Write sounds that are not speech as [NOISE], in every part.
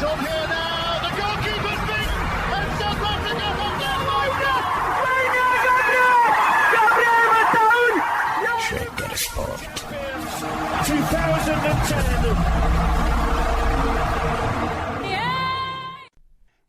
He's on here.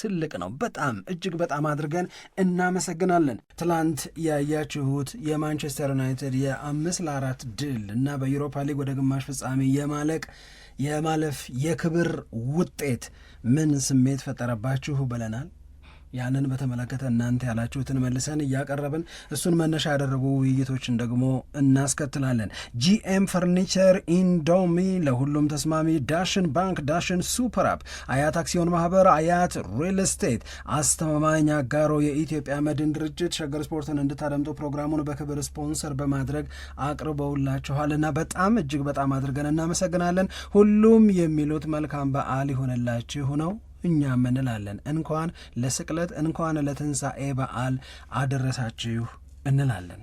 ትልቅ ነው። በጣም እጅግ በጣም አድርገን እናመሰግናለን። ትላንት ያያችሁት የማንቸስተር ዩናይትድ የአምስት ለአራት ድል እና በዩሮፓ ሊግ ወደ ግማሽ ፍጻሜ የማለቅ የማለፍ የክብር ውጤት ምን ስሜት ፈጠረባችሁ ብለናል። ያንን በተመለከተ እናንተ ያላችሁትን መልሰን እያቀረብን እሱን መነሻ ያደረጉ ውይይቶችን ደግሞ እናስከትላለን። ጂኤም ፈርኒቸር፣ ኢንዶሚ፣ ለሁሉም ተስማሚ፣ ዳሽን ባንክ፣ ዳሽን ሱፐር አፕ፣ አያት አክሲዮን ማህበር፣ አያት ሪል ስቴት፣ አስተማማኝ አጋሮ፣ የኢትዮጵያ መድን ድርጅት፣ ሸገር ስፖርትን እንድታደምጡ ፕሮግራሙን በክብር ስፖንሰር በማድረግ አቅርበውላችኋል እና በጣም እጅግ በጣም አድርገን እናመሰግናለን። ሁሉም የሚሉት መልካም በዓል ይሆንላችሁ ነው። እኛ ምንላለን እንኳን ለስቅለት እንኳን ለትንሣኤ በዓል አደረሳችሁ እንላለን።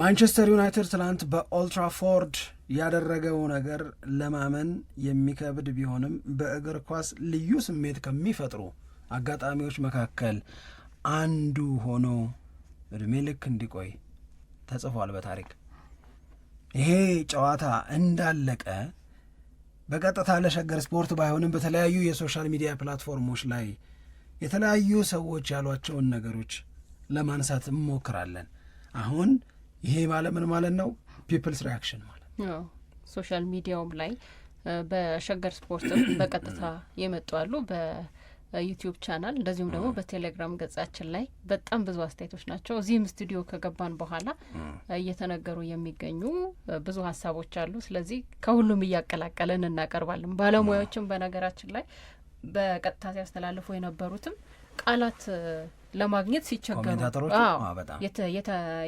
ማንቸስተር ዩናይትድ ትናንት በኦልትራፎርድ ያደረገው ነገር ለማመን የሚከብድ ቢሆንም በእግር ኳስ ልዩ ስሜት ከሚፈጥሩ አጋጣሚዎች መካከል አንዱ ሆኖ እድሜ ልክ እንዲቆይ ተጽፏል በታሪክ ይሄ ጨዋታ እንዳለቀ በቀጥታ ለሸገር ስፖርት ባይሆንም በተለያዩ የሶሻል ሚዲያ ፕላትፎርሞች ላይ የተለያዩ ሰዎች ያሏቸውን ነገሮች ለማንሳት እንሞክራለን። አሁን ይሄ ማለት ምን ማለት ነው? ፒፕልስ ሪያክሽን ማለት ሶሻል ሚዲያውም ላይ በሸገር ስፖርትም በቀጥታ የመጡ አሉ። ዩቲዩብ ቻናል እንደዚሁም ደግሞ በቴሌግራም ገጻችን ላይ በጣም ብዙ አስተያየቶች ናቸው። እዚህም ስቱዲዮ ከገባን በኋላ እየተነገሩ የሚገኙ ብዙ ሀሳቦች አሉ። ስለዚህ ከሁሉም እያቀላቀለን እናቀርባለን። ባለሙያዎችም በነገራችን ላይ በቀጥታ ሲያስተላልፉ የነበሩትም ቃላት ለማግኘት ሲቸገሩ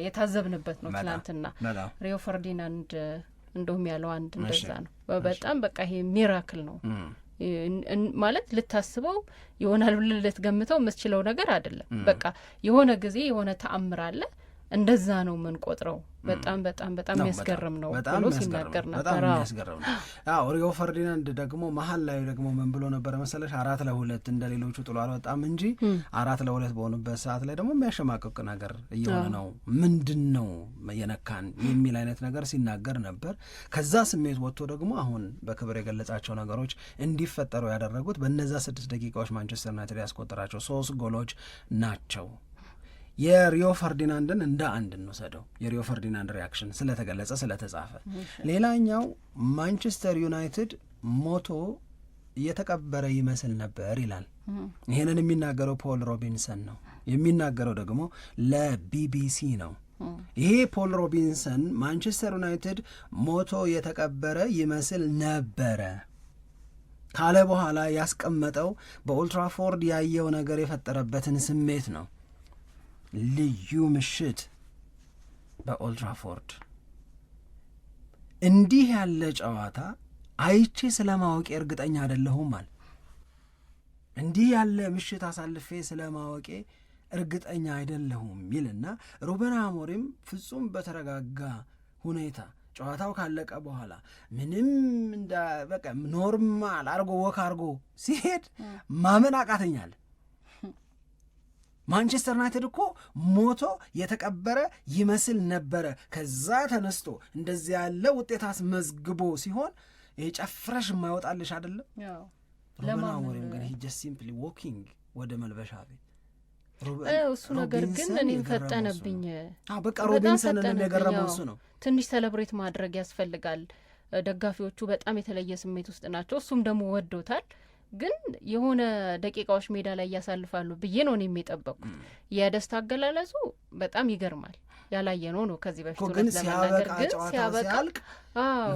የታዘብንበት ነው። ትናንትና ሪዮ ፈርዲናንድ እንደውም ያለው አንድ እንደዛ ነው። በጣም በቃ ይሄ ሚራክል ነው። ማለት ልታስበው ይሆናል ብለህ ልትገምተው የምትችለው ነገር አይደለም። በቃ የሆነ ጊዜ የሆነ ተአምር አለ እንደዛ ነው የምንቆጥረው። በጣም በጣም በጣም የሚያስገርም ነው ብሎ ሲናገር ነበር። የሚያስገርም ነው። ሪዮ ፈርዲናንድ ደግሞ መሀል ላይ ደግሞ ምን ብሎ ነበረ መሰለሽ? አራት ለሁለት እንደ ሌሎቹ ጥሎ አልወጣም እንጂ አራት ለሁለት በሆኑበት ሰዓት ላይ ደግሞ የሚያሸማቅቅ ነገር እየሆነ ነው፣ ምንድን ነው የነካን የሚል አይነት ነገር ሲናገር ነበር። ከዛ ስሜት ወጥቶ ደግሞ አሁን በክብር የገለጻቸው ነገሮች እንዲፈጠሩ ያደረጉት በነዛ ስድስት ደቂቃዎች ማንቸስተር ዩናይትድ ያስቆጠራቸው ሶስት ጎሎች ናቸው። የሪዮ ፈርዲናንድን እንደ አንድ እንውሰደው፣ የሪዮ ፈርዲናንድ ሪያክሽን ስለተገለጸ ስለተጻፈ። ሌላኛው ማንቸስተር ዩናይትድ ሞቶ እየተቀበረ ይመስል ነበር ይላል። ይሄንን የሚናገረው ፖል ሮቢንሰን ነው። የሚናገረው ደግሞ ለቢቢሲ ነው። ይሄ ፖል ሮቢንሰን ማንቸስተር ዩናይትድ ሞቶ የተቀበረ ይመስል ነበረ ካለ በኋላ ያስቀመጠው በኦልትራፎርድ ያየው ነገር የፈጠረበትን ስሜት ነው። ልዩ ምሽት በኦልትራፎርድ እንዲህ ያለ ጨዋታ አይቼ ስለ ማወቄ እርግጠኛ አይደለሁም አለ። እንዲህ ያለ ምሽት አሳልፌ ስለ ማወቄ እርግጠኛ አይደለሁም ይልና ሩበን አሞሪም ፍጹም በተረጋጋ ሁኔታ ጨዋታው ካለቀ በኋላ ምንም በቃ ኖርማል አርጎ ወክ አርጎ ሲሄድ ማመን አቃተኛል። ማንቸስተር ዩናይትድ እኮ ሞቶ የተቀበረ ይመስል ነበረ። ከዛ ተነስቶ እንደዚህ ያለ ውጤት አስመዝግቦ ሲሆን ይሄ ጨፍረሽ የማይወጣልሽ አይደለም። ሩበን አሞሪም ግን ጀስት ሲምፕሊ ዎኪንግ ወደ መልበሻ ቤት እሱ ነገር ግን እኔም ፈጠነብኝ። በቃ ሮቢንሰንን የገረመው እሱ ነው። ትንሽ ሰለብሬት ማድረግ ያስፈልጋል። ደጋፊዎቹ በጣም የተለየ ስሜት ውስጥ ናቸው። እሱም ደግሞ ወዶታል። ግን የሆነ ደቂቃዎች ሜዳ ላይ እያሳልፋሉ ብዬ ነው እኔም የጠበቅኩት። የደስታ አገላለጹ በጣም ይገርማል። ያላየ ነው ነው ከዚህ በፊት ግን ሲያበቃ ሲያበቃ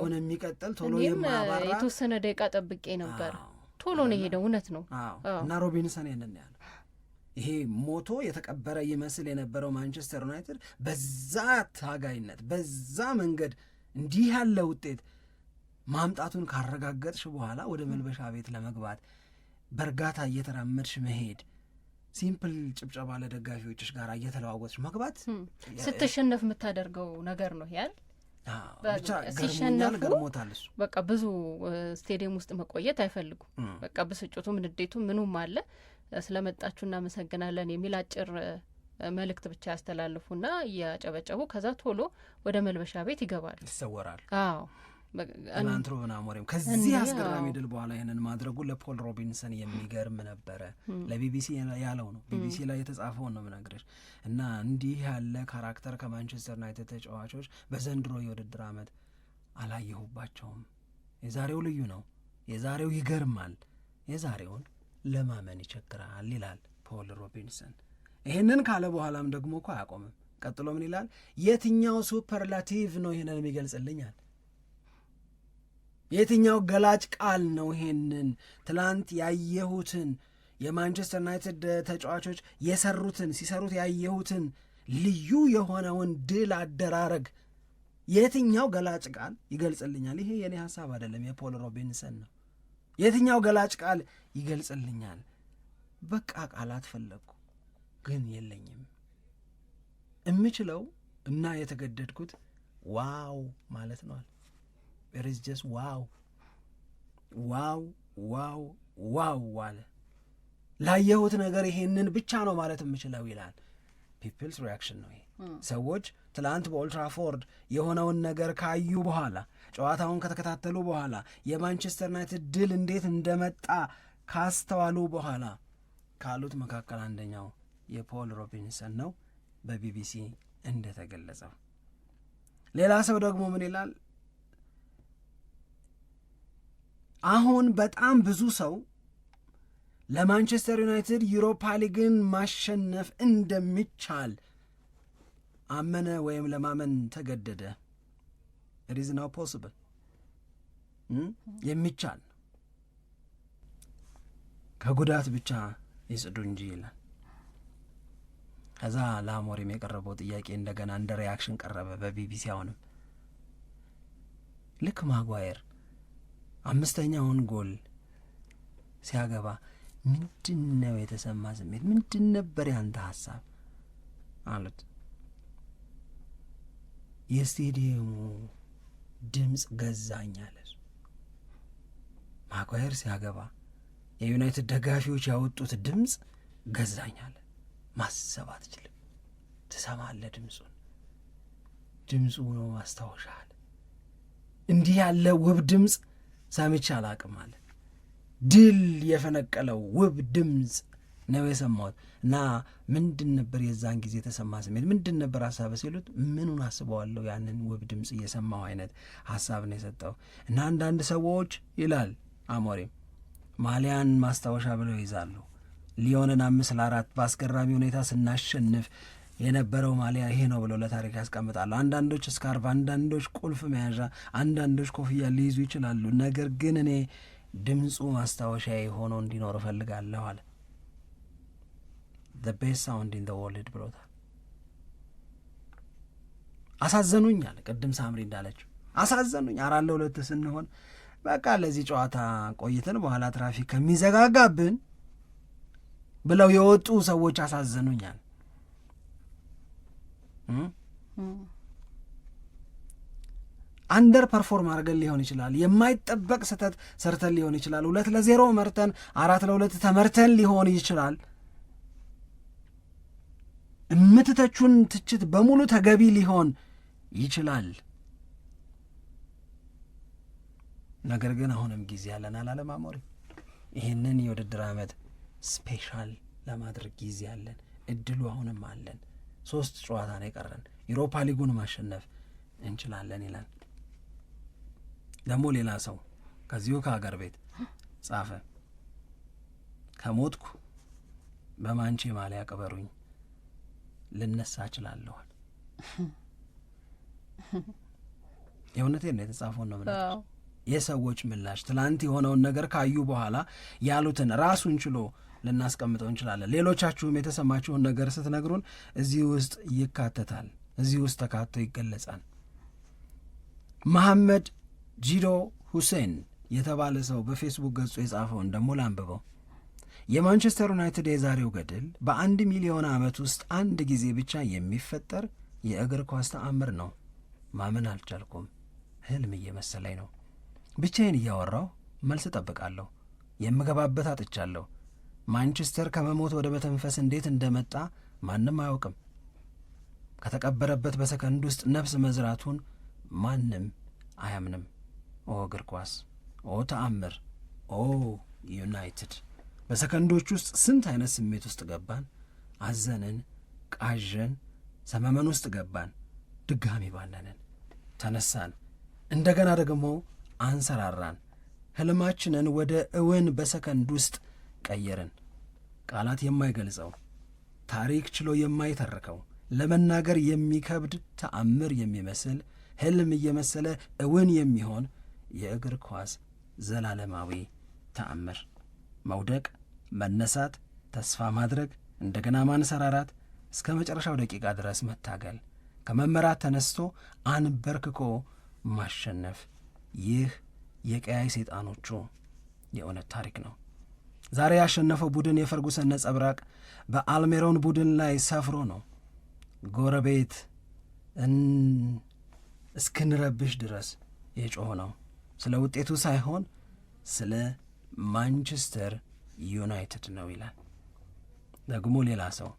ሆነ የሚቀጥል ቶሎ የማያባራ የተወሰነ ደቂቃ ጠብቄ ነበር። ቶሎ ነው የሄደው። እውነት ነው እና ሮቢንሰን ይንን ያለ ይሄ ሞቶ የተቀበረ ይመስል የነበረው ማንቸስተር ዩናይትድ በዛ ታጋይነት በዛ መንገድ እንዲህ ያለ ውጤት ማምጣቱን ካረጋገጥሽ በኋላ ወደ መልበሻ ቤት ለመግባት በእርጋታ እየተራመድሽ መሄድ ሲምፕል ጭብጨባ ለደጋፊዎችሽ ጋር እየተለዋወጥሽ መግባት ስትሸነፍ የምታደርገው ነገር ነው ያል ሲሸነፉ በቃ ብዙ ስቴዲየም ውስጥ መቆየት አይፈልጉም። በቃ ብስጭቱም ንዴቱም ምኑም አለ። ስለመጣችሁ እናመሰግናለን የሚል አጭር መልእክት ብቻ ያስተላልፉና እያጨበጨቡ ከዛ ቶሎ ወደ መልበሻ ቤት ይገባሉ፣ ይሰወራል። አዎ ትናንትሮ ሩበን ከዚህ አስገራሚ ድል በኋላ ይህንን ማድረጉ ለፖል ሮቢንሰን የሚገርም ነበረ። ለቢቢሲ ያለው ነው፣ ቢቢሲ ላይ የተጻፈውን ነው ምነግርሽ። እና እንዲህ ያለ ካራክተር ከማንቸስተር ዩናይትድ ተጫዋቾች በዘንድሮ የውድድር ዓመት አላየሁባቸውም። የዛሬው ልዩ ነው፣ የዛሬው ይገርማል፣ የዛሬውን ለማመን ይቸግራል ይላል ፖል ሮቢንሰን። ይህንን ካለ በኋላም ደግሞ እኮ አያቆምም። ቀጥሎ ምን ይላል? የትኛው ሱፐርላቲቭ ነው ይህንን የሚገልጽልኛል የትኛው ገላጭ ቃል ነው ይሄንን ትላንት ያየሁትን የማንቸስተር ዩናይትድ ተጫዋቾች የሰሩትን ሲሰሩት ያየሁትን ልዩ የሆነውን ድል አደራረግ የትኛው ገላጭ ቃል ይገልጽልኛል? ይሄ የኔ ሀሳብ አይደለም፣ የፖል ሮቢንሰን ነው። የትኛው ገላጭ ቃል ይገልጽልኛል? በቃ ቃላት ፈለግኩ ግን የለኝም። የምችለው እና የተገደድኩት ዋው ማለት ነዋል። ርስ ጀስ ዋው ዋው ዋው ዋው አለ። ላየሁት ነገር ይሄንን ብቻ ነው ማለት የምችለው ይላል። ፒፕልስ ሪያክሽን ነው ይሄ። ሰዎች ትላንት በኦልትራፎርድ የሆነውን ነገር ካዩ በኋላ ጨዋታውን ከተከታተሉ በኋላ የማንቸስተር ዩናይትድ ድል እንዴት እንደመጣ ካስተዋሉ በኋላ ካሉት መካከል አንደኛው የፖል ሮቢንሰን ነው፣ በቢቢሲ እንደተገለጸው። ሌላ ሰው ደግሞ ምን ይላል? አሁን በጣም ብዙ ሰው ለማንቸስተር ዩናይትድ ዩሮፓ ሊግን ማሸነፍ እንደሚቻል አመነ ወይም ለማመን ተገደደ። ሪዝ ናው ፖስብል የሚቻል ከጉዳት ብቻ ይጽዱ እንጂ ይላል። ከዛ ለአሞሪም የቀረበው ጥያቄ እንደገና እንደ ሪያክሽን ቀረበ በቢቢሲ አሁንም ልክ ማጓየር አምስተኛውን ጎል ሲያገባ ምንድን ነው የተሰማ ስሜት? ምንድን ነበር ያንተ ሀሳብ አሉት። የስቴዲየሙ ድምፅ ገዛኝ አለ። ማጓየር ሲያገባ የዩናይትድ ደጋፊዎች ያወጡት ድምፅ ገዛኝ አለ። ማሰብ አትችልም፣ ትሰማለ ድምፁን። ድምፁ ነው አለ? እንዲህ ያለ ውብ ድምፅ ሰምቼ አላቅም አለ። ድል የፈነቀለው ውብ ድምፅ ነው የሰማሁት እና ምንድን ነበር የዛን ጊዜ የተሰማ ስሜት ምንድን ነበር ሀሳብ ሲሉት ምኑን አስበዋለሁ ያንን ውብ ድምፅ እየሰማው አይነት ሀሳብ ነው የሰጠው እና አንዳንድ ሰዎች ይላል አሞሪም ማሊያን ማስታወሻ ብለው ይዛሉ ሊዮንን አምስት ለአራት በአስገራሚ ሁኔታ ስናሸንፍ የነበረው ማሊያ ይሄ ነው ብለው ለታሪክ ያስቀምጣሉ። አንዳንዶች ስካርፍ፣ አንዳንዶች ቁልፍ መያዣ፣ አንዳንዶች ኮፍያ ሊይዙ ይችላሉ። ነገር ግን እኔ ድምፁ ማስታወሻ ሆኖ እንዲኖር እፈልጋለሁ አለ። ቤስት ሳውንድ ኢን ወርልድ ብሎታል። አሳዘኑኝ አለ። ቅድም ሳምሪ እንዳለችው አሳዘኑኝ። አራት ለሁለት ስንሆን በቃ ለዚህ ጨዋታ ቆይተን በኋላ ትራፊክ ከሚዘጋጋብን ብለው የወጡ ሰዎች አሳዘኑኛል። አንደር ፐርፎርም አድርገን ሊሆን ይችላል። የማይጠበቅ ስህተት ሰርተን ሊሆን ይችላል። ሁለት ለዜሮ መርተን አራት ለሁለት ተመርተን ሊሆን ይችላል። የምትተቹን ትችት በሙሉ ተገቢ ሊሆን ይችላል። ነገር ግን አሁንም ጊዜ አለን አላለም አሞሪም። ይህንን የውድድር ዓመት ስፔሻል ለማድረግ ጊዜ አለን፣ እድሉ አሁንም አለን። ሶስት ጨዋታ ነው የቀረን፣ ዩሮፓ ሊጉን ማሸነፍ እንችላለን ይላል። ደግሞ ሌላ ሰው ከዚሁ ከሀገር ቤት ጻፈ። ከሞትኩ በማንቼ ማሊያ ቅበሩኝ ልነሳ እችላለዋል። የእውነቴን ነው የተጻፈውን ነው ብለ የሰዎች ምላሽ ትላንት የሆነውን ነገር ካዩ በኋላ ያሉትን ራሱን ችሎ ልናስቀምጠው እንችላለን። ሌሎቻችሁም የተሰማችሁን ነገር ስትነግሩን እዚህ ውስጥ ይካተታል፣ እዚህ ውስጥ ተካቶ ይገለጻል። መሐመድ ጂዶ ሁሴን የተባለ ሰው በፌስቡክ ገጹ የጻፈውን ደግሞ ላንብበው። የማንቸስተር ዩናይትድ የዛሬው ገድል በአንድ ሚሊዮን ዓመት ውስጥ አንድ ጊዜ ብቻ የሚፈጠር የእግር ኳስ ተአምር ነው። ማመን አልቻልኩም። ህልም እየመሰለኝ ነው። ብቻዬን እያወራሁ መልስ እጠብቃለሁ። የምገባበት አጥቻለሁ። ማንቸስተር ከመሞት ወደ መተንፈስ እንዴት እንደመጣ ማንም አያውቅም። ከተቀበረበት በሰከንድ ውስጥ ነፍስ መዝራቱን ማንም አያምንም። ኦ እግር ኳስ፣ ኦ ተአምር፣ ኦ ዩናይትድ! በሰከንዶች ውስጥ ስንት አይነት ስሜት ውስጥ ገባን። አዘንን፣ ቃዥን ሰመመን ውስጥ ገባን። ድጋሚ ባነንን፣ ተነሳን፣ እንደገና ደግሞ አንሰራራን። ህልማችንን ወደ እውን በሰከንድ ውስጥ ቀየርን። ቃላት የማይገልጸው ታሪክ ችሎ የማይተርከው ለመናገር የሚከብድ ተአምር የሚመስል ህልም እየመሰለ እውን የሚሆን የእግር ኳስ ዘላለማዊ ተአምር። መውደቅ፣ መነሳት፣ ተስፋ ማድረግ፣ እንደገና ማንሰራራት፣ እስከ መጨረሻው ደቂቃ ድረስ መታገል፣ ከመመራት ተነስቶ አንበርክኮ ማሸነፍ። ይህ የቀያይ ሰይጣኖቹ የእውነት ታሪክ ነው። ዛሬ ያሸነፈው ቡድን የፈርጉሰን ነጸብራቅ በአልሜሮን ቡድን ላይ ሰፍሮ ነው ጎረቤት እስክንረብሽ ድረስ የጮኸ ነው። ስለ ውጤቱ ሳይሆን ስለ ማንቸስተር ዩናይትድ ነው ይላል። ደግሞ ሌላ ሰው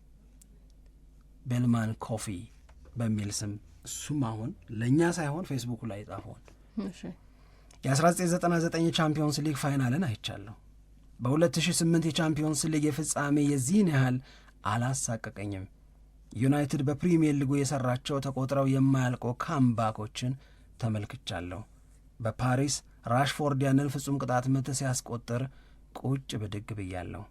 ቤልማን ኮፊ በሚል ስም እሱም አሁን ለእኛ ሳይሆን ፌስቡኩ ላይ ጻፈውን የ1999 ቻምፒዮንስ ሊግ ፋይናልን አይቻለሁ። በ2008 የቻምፒዮንስ ሊግ የፍጻሜ የዚህን ያህል አላሳቀቀኝም። ዩናይትድ በፕሪምየር ሊጉ የሠራቸው ተቆጥረው የማያልቁ ካምባኮችን ተመልክቻለሁ። በፓሪስ ራሽፎርድ ያንን ፍጹም ቅጣት ምት ሲያስቆጥር ቁጭ ብድግ ብያለሁ።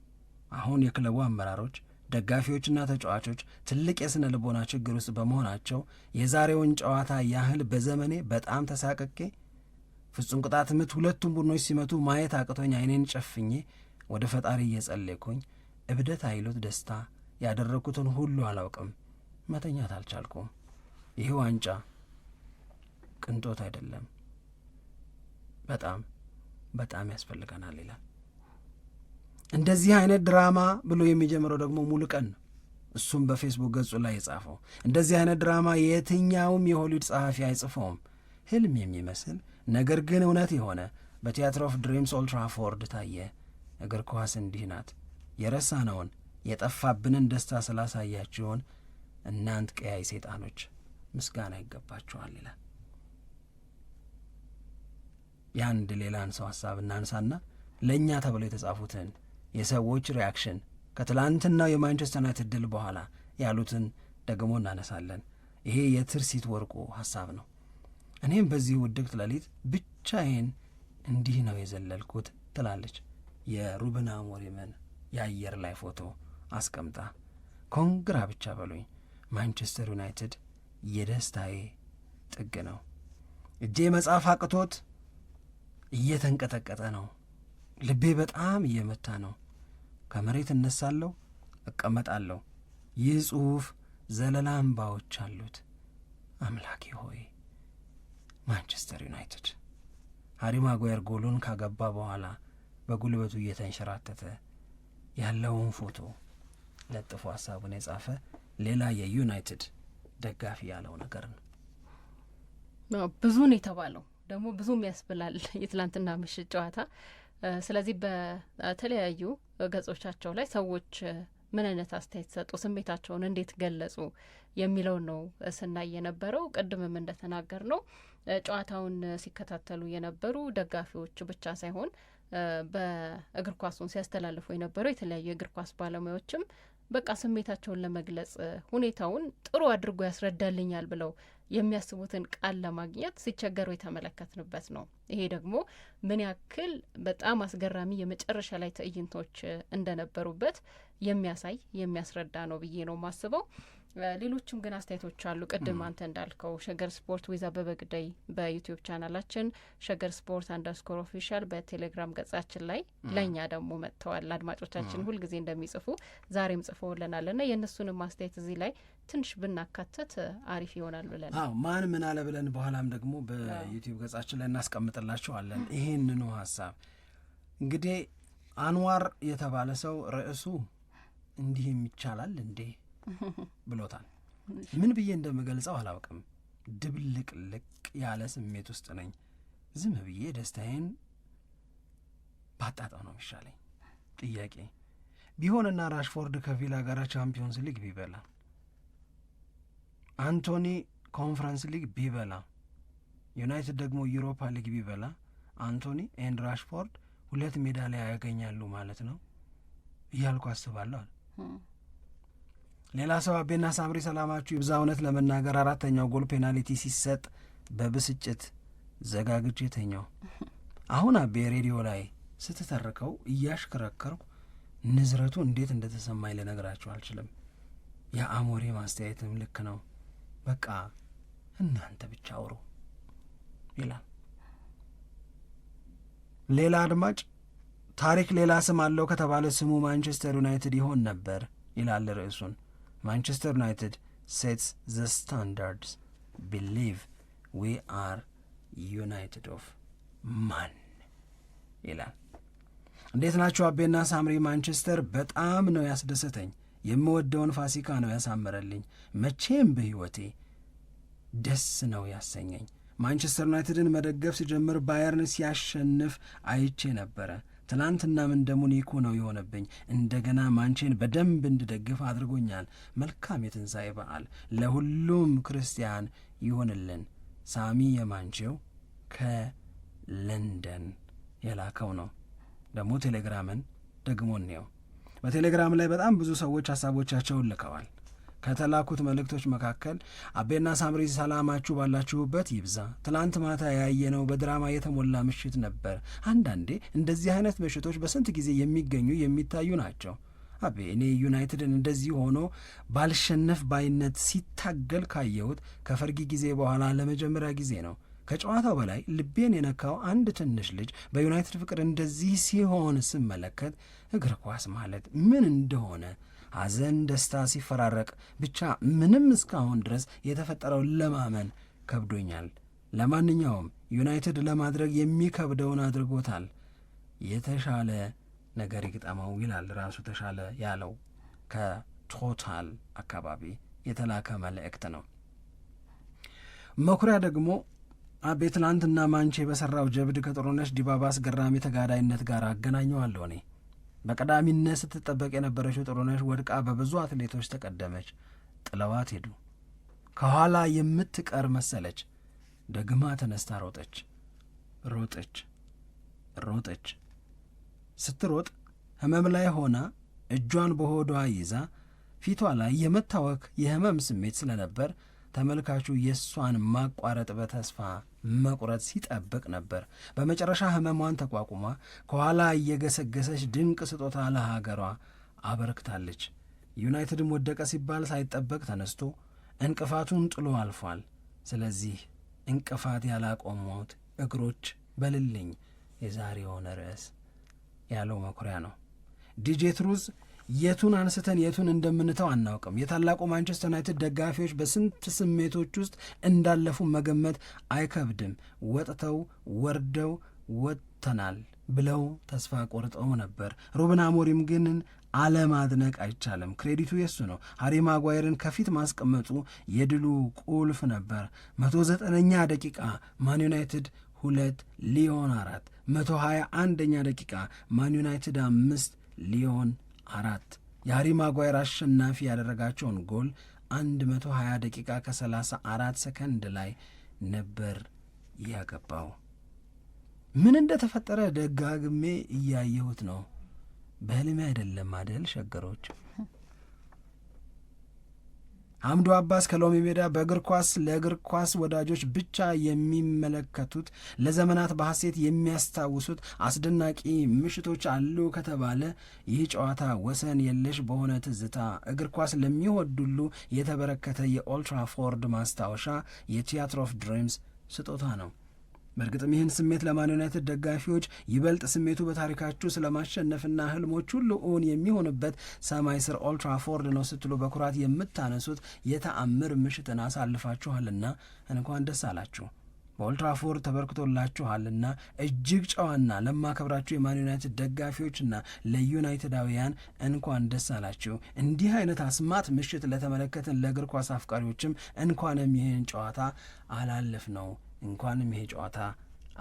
አሁን የክለቡ አመራሮች፣ ደጋፊዎችና ተጫዋቾች ትልቅ የሥነ ልቦና ችግር ውስጥ በመሆናቸው የዛሬውን ጨዋታ ያህል በዘመኔ በጣም ተሳቅቄ ፍጹም ቅጣት ምት ሁለቱም ቡድኖች ሲመቱ ማየት አቅቶኝ አይኔን ጨፍኜ ወደ ፈጣሪ እየጸለይኩኝ እብደት አይሉት ደስታ ያደረግኩትን ሁሉ አላውቅም። መተኛት አልቻልኩም። ይህ ዋንጫ ቅንጦት አይደለም፣ በጣም በጣም ያስፈልገናል ይላል። እንደዚህ አይነት ድራማ ብሎ የሚጀምረው ደግሞ ሙሉቀን ነው። እሱም በፌስቡክ ገጹ ላይ የጻፈው እንደዚህ አይነት ድራማ የትኛውም የሆሊውድ ጸሐፊ አይጽፈውም። ህልም የሚመስል ነገር ግን እውነት የሆነ በቲያትር ኦፍ ድሪምስ ኦልትራፎርድ ታየ። እግር ኳስ እንዲህ ናት። የረሳነውን የጠፋብንን ደስታ ስላሳያችሁን እናንት ቀያይ ሰይጣኖች ምስጋና ይገባችኋል ይላል። የአንድ ሌላን ሰው ሀሳብ እናንሳና ለእኛ ተብለው የተጻፉትን የሰዎች ሪያክሽን ከትላንትናው የማንቸስተር ዩናይትድ ድል በኋላ ያሉትን ደግሞ እናነሳለን። ይሄ የትርሲት ወርቁ ሀሳብ ነው። እኔም በዚህ ውድቅት ሌሊት ብቻዬን እንዲህ ነው የዘለልኩት ትላለች የሩበን አሞሪምን የአየር ላይ ፎቶ አስቀምጣ። ኮንግራ ብቻ በሉኝ ማንቸስተር ዩናይትድ የደስታዬ ጥግ ነው። እጄ መጻፍ አቅቶት እየተንቀጠቀጠ ነው። ልቤ በጣም እየመታ ነው። ከመሬት እነሳለሁ፣ እቀመጣለሁ። ይህ ጽሑፍ ዘለላ አሉት። አምላኬ ሆይ ማንቸስተር ዩናይትድ ሀሪ ማጓየር ጎሉን ካገባ በኋላ በጉልበቱ እየተንሸራተተ ያለውን ፎቶ ለጥፎ ሀሳቡን የጻፈ ሌላ የዩናይትድ ደጋፊ ያለው ነገር ነው። ብዙ ነው የተባለው ደግሞ ብዙም ያስብላል የትላንትና ምሽት ጨዋታ። ስለዚህ በተለያዩ ገጾቻቸው ላይ ሰዎች ምን አይነት አስተያየት ሰጡ፣ ስሜታቸውን እንዴት ገለጹ የሚለውን ነው ስናይ የነበረው። ቅድምም እንደተናገር ነው ጨዋታውን ሲከታተሉ የነበሩ ደጋፊዎች ብቻ ሳይሆን በእግር ኳሱን ሲያስተላልፉ የነበሩ የተለያዩ የእግር ኳስ ባለሙያዎችም በቃ ስሜታቸውን ለመግለጽ ሁኔታውን ጥሩ አድርጎ ያስረዳልኛል ብለው የሚያስቡትን ቃል ለማግኘት ሲቸገሩ የተመለከትንበት ነው። ይሄ ደግሞ ምን ያክል በጣም አስገራሚ የመጨረሻ ላይ ትዕይንቶች እንደነበሩበት የሚያሳይ የሚያስረዳ ነው ብዬ ነው ማስበው። ሌሎችም ግን አስተያየቶች አሉ። ቅድም አንተ እንዳልከው ሸገር ስፖርት ዊዝ አበበ ግዳይ በዩቲዩብ ቻናላችን፣ ሸገር ስፖርት አንደርስኮር ኦፊሻል በቴሌግራም ገጻችን ላይ ለእኛ ደግሞ መጥተዋል። አድማጮቻችን ሁልጊዜ እንደሚጽፉ ዛሬም ጽፈውልናል ና የእነሱንም አስተያየት እዚህ ላይ ትንሽ ብናካተት አሪፍ ይሆናል ብለን ማን ምን አለ ብለን በኋላም ደግሞ በዩቲዩብ ገጻችን ላይ እናስቀምጥላቸዋለን። ይሄንኑ ሀሳብ እንግዲህ አንዋር የተባለ ሰው ርዕሱ እንዲህም ይቻላል እንዴ ብሎታል። ምን ብዬ እንደምገልጸው አላውቅም። ድብልቅልቅ ያለ ስሜት ውስጥ ነኝ። ዝም ብዬ ደስታዬን ባጣጣው ነው የሚሻለኝ። ጥያቄ ቢሆንና ራሽፎርድ ከቪላ ጋር ቻምፒዮንስ ሊግ ቢበላ አንቶኒ ኮንፈረንስ ሊግ ቢበላ ዩናይትድ ደግሞ ዩሮፓ ሊግ ቢበላ አንቶኒ ኤንድ ራሽፎርድ ሁለት ሜዳሊያ ያገኛሉ ማለት ነው እያልኩ አስባለሁ። ሌላ ሰው አቤና ሳምሪ ሰላማችሁ ይብዛ። እውነት ለመናገር አራተኛው ጎል ፔናልቲ ሲሰጥ በብስጭት ዘጋግቼ ተኛው። [LAUGHS] አሁን አቤ ሬዲዮ ላይ ስትተርከው እያሽከረከርኩ ንዝረቱ እንዴት እንደተሰማኝ ልነግራችሁ አልችልም። የአሞሬ ማስተያየትም ልክ ነው። በቃ እናንተ ብቻ አውሩ ይላል። ሌላ አድማጭ ታሪክ ሌላ ስም አለው ከተባለ ስሙ ማንቸስተር ዩናይትድ ይሆን ነበር ይላል ርዕሱን። ማንቸስተር ዩናይትድ ሴትስ ዘ ስታንዳርድስ ቢሊቭ ዊ አር ዩናይትድ ኦፍ ማን ይላል። እንዴት ናችሁ አቤና ሳምሪ? ማንቸስተር በጣም ነው ያስደሰተኝ። የምወደውን ፋሲካ ነው ያሳመረልኝ። መቼም በሕይወቴ ደስ ነው ያሰኘኝ። ማንቸስተር ዩናይትድን መደገፍ ሲጀምር ባየርን ሲያሸንፍ አይቼ ነበረ። ምን እንደ ኒኮ ነው የሆነብኝ። እንደገና ማንቼን በደንብ እንድደግፍ አድርጎኛል። መልካም የትንሣኤ በዓል ለሁሉም ክርስቲያን ይሆንልን። ሳሚ የማንቼው ከለንደን የላከው ነው። ደግሞ ቴሌግራምን ደግሞ ነው። በቴሌግራም ላይ በጣም ብዙ ሰዎች ሀሳቦቻቸውን ልከዋል። ከተላኩት መልእክቶች መካከል አቤና ሳምሪ ሰላማችሁ ባላችሁበት ይብዛ። ትላንት ማታ ያየነው በድራማ የተሞላ ምሽት ነበር። አንዳንዴ እንደዚህ አይነት ምሽቶች በስንት ጊዜ የሚገኙ የሚታዩ ናቸው። አቤ እኔ ዩናይትድን እንደዚህ ሆኖ ባልሸነፍ ባይነት ሲታገል ካየሁት ከፈርጊ ጊዜ በኋላ ለመጀመሪያ ጊዜ ነው። ከጨዋታው በላይ ልቤን የነካው አንድ ትንሽ ልጅ በዩናይትድ ፍቅር እንደዚህ ሲሆን ስመለከት እግር ኳስ ማለት ምን እንደሆነ ሐዘን፣ ደስታ ሲፈራረቅ ብቻ ምንም እስካሁን ድረስ የተፈጠረው ለማመን ከብዶኛል። ለማንኛውም ዩናይትድ ለማድረግ የሚከብደውን አድርጎታል። የተሻለ ነገር ይግጠመው ይላል ራሱ ተሻለ ያለው ከቶታል አካባቢ የተላከ መልእክት ነው። መኩሪያ ደግሞ አቤ ትናንትና ማንቼ በሰራው ጀብድ ከጥሩነሽ ዲባባ አስገራሚ ተጋዳይነት ጋር አገናኘዋለሁ እኔ በቀዳሚነት ስትጠበቅ የነበረችው ጥሩነሽ ወድቃ በብዙ አትሌቶች ተቀደመች፣ ጥለዋት ሄዱ። ከኋላ የምትቀር መሰለች። ደግማ ተነስታ ሮጠች፣ ሮጠች፣ ሮጠች። ስትሮጥ ህመም ላይ ሆና እጇን በሆዷ ይዛ ፊቷ ላይ የመታወክ የህመም ስሜት ስለነበር ተመልካቹ የእሷን ማቋረጥ በተስፋ መቁረጥ ሲጠብቅ ነበር። በመጨረሻ ህመሟን ተቋቁማ ከኋላ እየገሰገሰች ድንቅ ስጦታ ለሀገሯ አበርክታለች። ዩናይትድም ወደቀ ሲባል ሳይጠበቅ ተነስቶ እንቅፋቱን ጥሎ አልፏል። ስለዚህ እንቅፋት ያላቆሙት እግሮች በልልኝ የዛሬ የሆነ ርዕስ ያለው መኩሪያ ነው። ዲጄ ትሩዝ የቱን አንስተን የቱን እንደምንተው አናውቅም። የታላቁ ማንቸስተር ዩናይትድ ደጋፊዎች በስንት ስሜቶች ውስጥ እንዳለፉ መገመት አይከብድም። ወጥተው ወርደው ወጥተናል ብለው ተስፋ ቆርጠው ነበር። ሩበን አሞሪም ግን አለማድነቅ አይቻልም። ክሬዲቱ የሱ ነው። ሀሪ ማጓየርን ከፊት ማስቀመጡ የድሉ ቁልፍ ነበር። መቶ ዘጠነኛ ደቂቃ ማን ዩናይትድ ሁለት ሊዮን አራት መቶ ሀያ አንደኛ ደቂቃ ማን ዩናይትድ አምስት ሊዮን አራት የሃሪ ማጓየር አሸናፊ ያደረጋቸውን ጎል 120 ደቂቃ ከ34 ሰከንድ ላይ ነበር ያገባው። ምን እንደተፈጠረ ደጋግሜ እያየሁት ነው። በህልሜ አይደለም አደል ሸገሮች አምዶ አባስ ከሎሚ ሜዳ በእግር ኳስ ለእግር ኳስ ወዳጆች ብቻ የሚመለከቱት ለዘመናት በሐሴት የሚያስታውሱት አስደናቂ ምሽቶች አሉ ከተባለ ይህ ጨዋታ ወሰን የለሽ በሆነ ትዝታ እግር ኳስ ለሚወዱሉ የተበረከተ የኦልትራፎርድ ማስታወሻ የቲያትር ኦፍ ድሪምስ ስጦታ ነው። በእርግጥም ይህን ስሜት ለማን ዩናይትድ ደጋፊዎች ይበልጥ ስሜቱ በታሪካችሁ ስለማሸነፍና ህልሞች ሁሉ እውን የሚሆንበት ሰማይ ስር ኦልትራፎርድ ነው ስትሉ በኩራት የምታነሱት የተአምር ምሽትን አሳልፋችኋልና እንኳን ደስ አላችሁ። በኦልድ ተበርክቶላችኋልና እጅግ ጨዋና ለማከብራችሁ የማን ዩናይትድ ደጋፊዎችና ለዩናይትዳውያን እንኳን ደስ አላችሁ። እንዲህ አይነት አስማት ምሽት ለተመለከትን ለእግር ኳስ አፍቃሪዎችም እንኳንም ይህን ጨዋታ አላለፍ ነው እንኳንም ይሄ ጨዋታ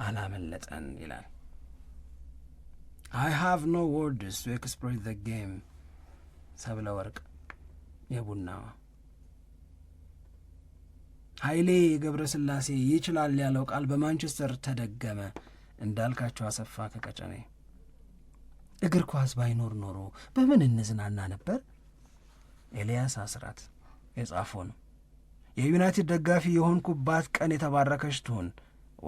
አላመለጠን ይላል። አይ ሃቭ ኖ ወርድስ ቱ ኤክስፕሬስ ዘ ጌም ሰብለ ወርቅ የቡናዋ ኃይሌ የገብረ ስላሴ ይችላል ያለው ቃል በማንቸስተር ተደገመ። እንዳልካቸው አሰፋ ከቀጨኔ እግር ኳስ ባይኖር ኖሮ በምን እንዝናና ነበር? ኤልያስ አስራት የጻፈው ነው። የዩናይትድ ደጋፊ የሆንኩባት ቀን የተባረከች ትሆን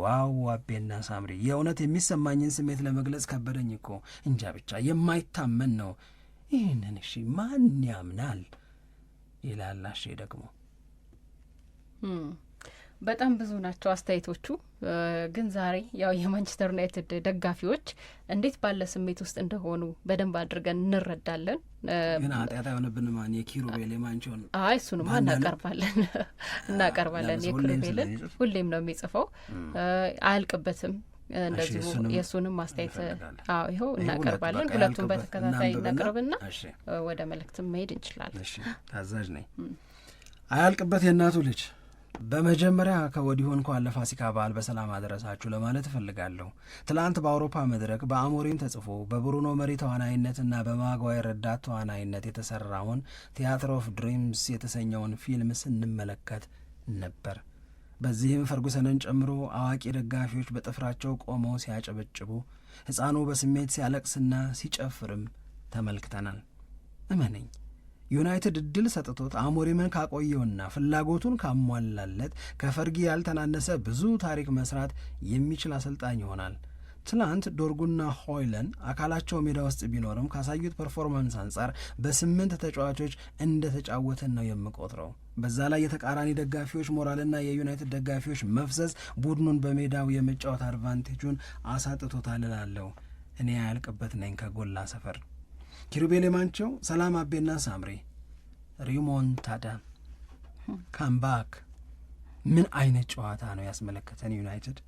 ዋው ዋቤና ሳምሪ፣ የእውነት የሚሰማኝን ስሜት ለመግለጽ ከበደኝ እኮ እንጃ፣ ብቻ የማይታመን ነው። ይህንን እሺ ማን ያምናል? ይላል አሼ ደግሞ በጣም ብዙ ናቸው አስተያየቶቹ። ግን ዛሬ ያው የማንቸስተር ዩናይትድ ደጋፊዎች እንዴት ባለ ስሜት ውስጥ እንደሆኑ በደንብ አድርገን እንረዳለን። ግን ኃጢአት አይሆንብን ማን የኪሩቤል የማንቸውን አይ እሱንማ እናቀርባለን እናቀርባለን። የኪሩቤልን ሁሌም ነው የሚጽፈው አያልቅበትም። እንደዚሁ የእሱንም አስተያየት አዎ ይኸው እናቀርባለን። ሁለቱም በተከታታይ እናቅርብና ወደ መልእክትም መሄድ እንችላለን። ታዛዥ ነኝ። አያልቅበት የእናቱ ልጅ በመጀመሪያ ከወዲሁ እንኳን ለፋሲካ በዓል በሰላም አደረሳችሁ ለማለት እፈልጋለሁ። ትላንት በአውሮፓ መድረክ በአሞሪም ተጽፎ በብሩኖ መሪ ተዋናይነትና በማጓይ ረዳት ተዋናይነት የተሰራውን ቲያትር ኦፍ ድሪምስ የተሰኘውን ፊልም ስንመለከት ነበር። በዚህም ፈርጉሰንን ጨምሮ አዋቂ ደጋፊዎች በጥፍራቸው ቆመው ሲያጨበጭቡ፣ ሕፃኑ በስሜት ሲያለቅስና ሲጨፍርም ተመልክተናል። እመነኝ ዩናይትድ እድል ሰጥቶት አሞሪምን ካቆየውና ፍላጎቱን ካሟላለት ከፈርጊ ያልተናነሰ ብዙ ታሪክ መስራት የሚችል አሰልጣኝ ይሆናል። ትናንት ዶርጉና ሆይለን አካላቸው ሜዳ ውስጥ ቢኖርም ካሳዩት ፐርፎርማንስ አንጻር በስምንት ተጫዋቾች እንደተጫወትን ነው የምቆጥረው። በዛ ላይ የተቃራኒ ደጋፊዎች ሞራልና የዩናይትድ ደጋፊዎች መፍዘዝ ቡድኑን በሜዳው የመጫወት አድቫንቴጁን አሳጥቶታል እላለሁ። እኔ ያልቅበት ነኝ ከጎላ ሰፈር ኪሩቤል የማንቸው፣ ሰላም አቤና ሳምሬ፣ ሪሞንታዳ ካምባክ ምን አይነት ጨዋታ ነው ያስመለከተን ዩናይትድ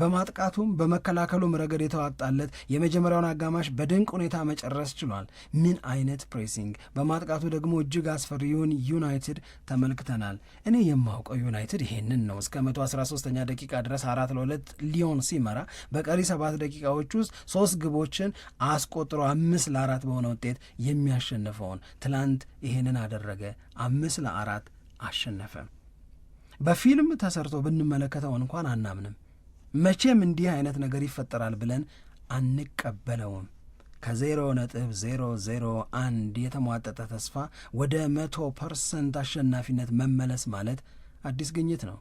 በማጥቃቱም በመከላከሉም ረገድ የተዋጣለት የመጀመሪያውን አጋማሽ በድንቅ ሁኔታ መጨረስ ችሏል። ምን አይነት ፕሬሲንግ! በማጥቃቱ ደግሞ እጅግ አስፈሪውን ዩናይትድ ተመልክተናል። እኔ የማውቀው ዩናይትድ ይሄንን ነው። እስከ 113ኛ ደቂቃ ድረስ አራት ለሁለት ሊዮን ሲመራ በቀሪ ሰባት ደቂቃዎች ውስጥ ሶስት ግቦችን አስቆጥሮ አምስት ለአራት በሆነ ውጤት የሚያሸንፈውን ትላንት ይሄንን አደረገ። አምስት ለአራት አሸነፈ። በፊልም ተሰርቶ ብንመለከተው እንኳን አናምንም መቼም እንዲህ አይነት ነገር ይፈጠራል ብለን አንቀበለውም። ከዜሮ ነጥብ ዜሮ ዜሮ አንድ የተሟጠጠ ተስፋ ወደ መቶ ፐርሰንት አሸናፊነት መመለስ ማለት አዲስ ግኝት ነው።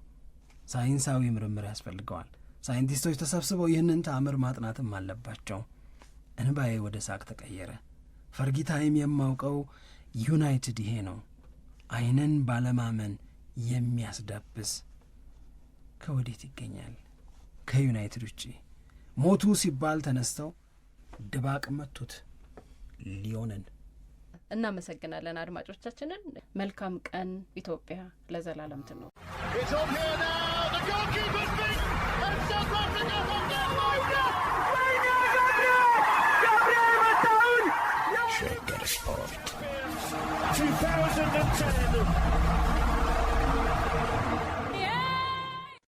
ሳይንሳዊ ምርምር ያስፈልገዋል። ሳይንቲስቶች ተሰብስበው ይህንን ተአምር ማጥናትም አለባቸው። እንባዬ ወደ ሳቅ ተቀየረ። ፈርጊታይም የማውቀው ዩናይትድ ይሄ ነው፣ አይንን ባለማመን የሚያስዳብስ ከወዴት ይገኛል? ከዩናይትድ ውጭ ሞቱ ሲባል ተነስተው ድባቅ መቱት ሊዮንን። እናመሰግናለን አድማጮቻችንን። መልካም ቀን። ኢትዮጵያ ለዘላለም ትኖር።